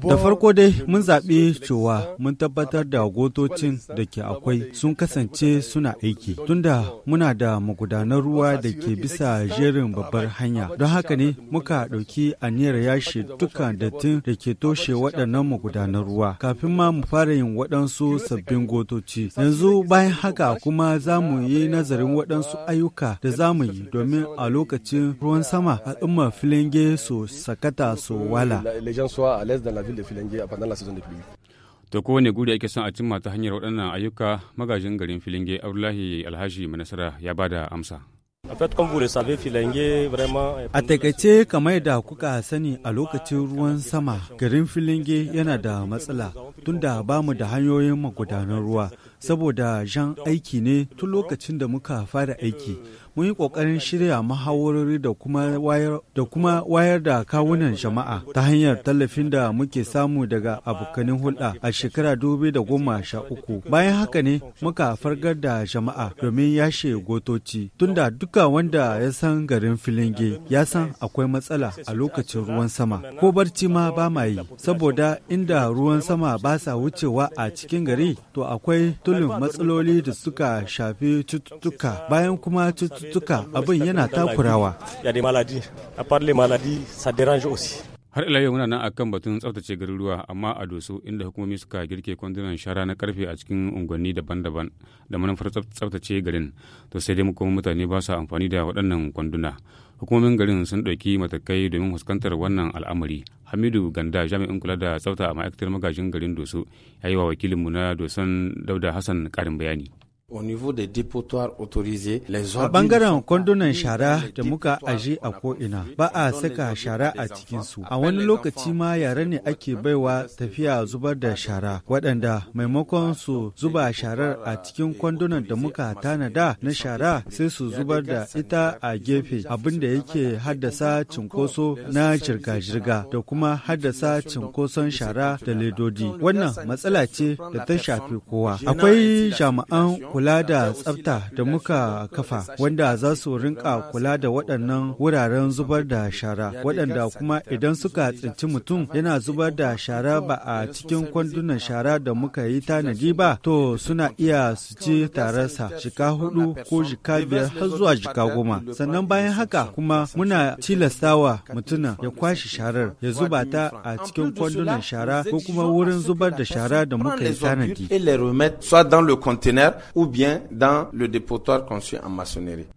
Da farko dai mun zaɓi cewa mun tabbatar da gotocin da ke akwai sun kasance suna aiki tunda muna da magudanar ruwa da ke bisa jerin babbar hanya. Don haka ne muka ɗauki aniyar yashe dukkan dattin da ke toshe waɗannan magudanar ruwa kafin ma mu fara yin waɗansu sabbin gotoci. Yanzu bayan haka kuma za mu yi nazarin waɗansu ayyuka da za mu yi domin a lokacin ruwan sama al'ummar filinge su sakata su wala. les gens soient à l'aise dans la ville de Filengue pendant la saison de pluie. To kowane guri ake son a cimma ta hanyar waɗannan ayyuka magajin garin Filinge Abdullahi Alhaji Manasara ya bada amsa. A takaice kamar da kuka sani a lokacin ruwan sama garin filinge yana da matsala tunda ba mu da hanyoyin magudanan ruwa saboda jan aiki ne tun lokacin da muka fara aiki mun yi ƙoƙarin shirya mahawarori da kuma wayar da kawunan jama'a ta hanyar tallafin da muke samu daga abokanin hulɗa a shekara da goma uku. Bayan haka ne muka fargar da jama'a domin yashe gotoci tunda duka wanda ya san garin Filinge ya san akwai matsala a lokacin ruwan sama. Ko barci ma ba ma yi saboda inda ruwan sama ba sa wucewa a cikin gari to akwai tulin matsaloli da suka shafi cututtuka bayan kuma cututtuka cututtuka abin yana takurawa. har ila yau muna nan akan batun tsaftace garuruwa amma a doso inda hukumomi suka girke kwandunan shara na karfe a cikin unguwanni daban-daban da manufar tsaftace garin to sai dai kuma mutane ba su amfani da waɗannan kwanduna hukumomin garin sun ɗauki matakai domin fuskantar wannan al'amari hamidu ganda jami'in kula da tsafta a ma'aikatar magajin garin doso ya yi wa wakilinmu na doson dauda hassan ƙarin bayani A bangaren kwandunan shara da muka aje a ko'ina ba a saka shara a su, A wani lokaci ma yare ne ake baiwa tafiya zubar da shara waɗanda maimakon su zuba sharar a cikin kwandunan da muka tanada na shara sai su zubar da ita a gefe abinda yake haddasa cinkoso na jirga-jirga da kuma haddasa cinkoson shara da ledodi. Wannan matsala ce da ta shafi kowa. Akwai jami'an kula da tsafta da muka kafa wanda za su rinka kula da waɗannan wuraren zubar da shara waɗanda kuma idan suka tsinci mutum yana zubar da shara ba a cikin kwandunan shara da muka yi tanadi ba to suna iya su ci tararsa jika hudu ko jika biyar har zuwa jika goma sannan bayan haka kuma muna tilastawa mutumin ya kwashe sharar ya zuba ta a cikin kwandunan shara ko kuma wurin zubar da shara da muka yi tanadi. ou bien dans le dépotoir conçu en maçonnerie.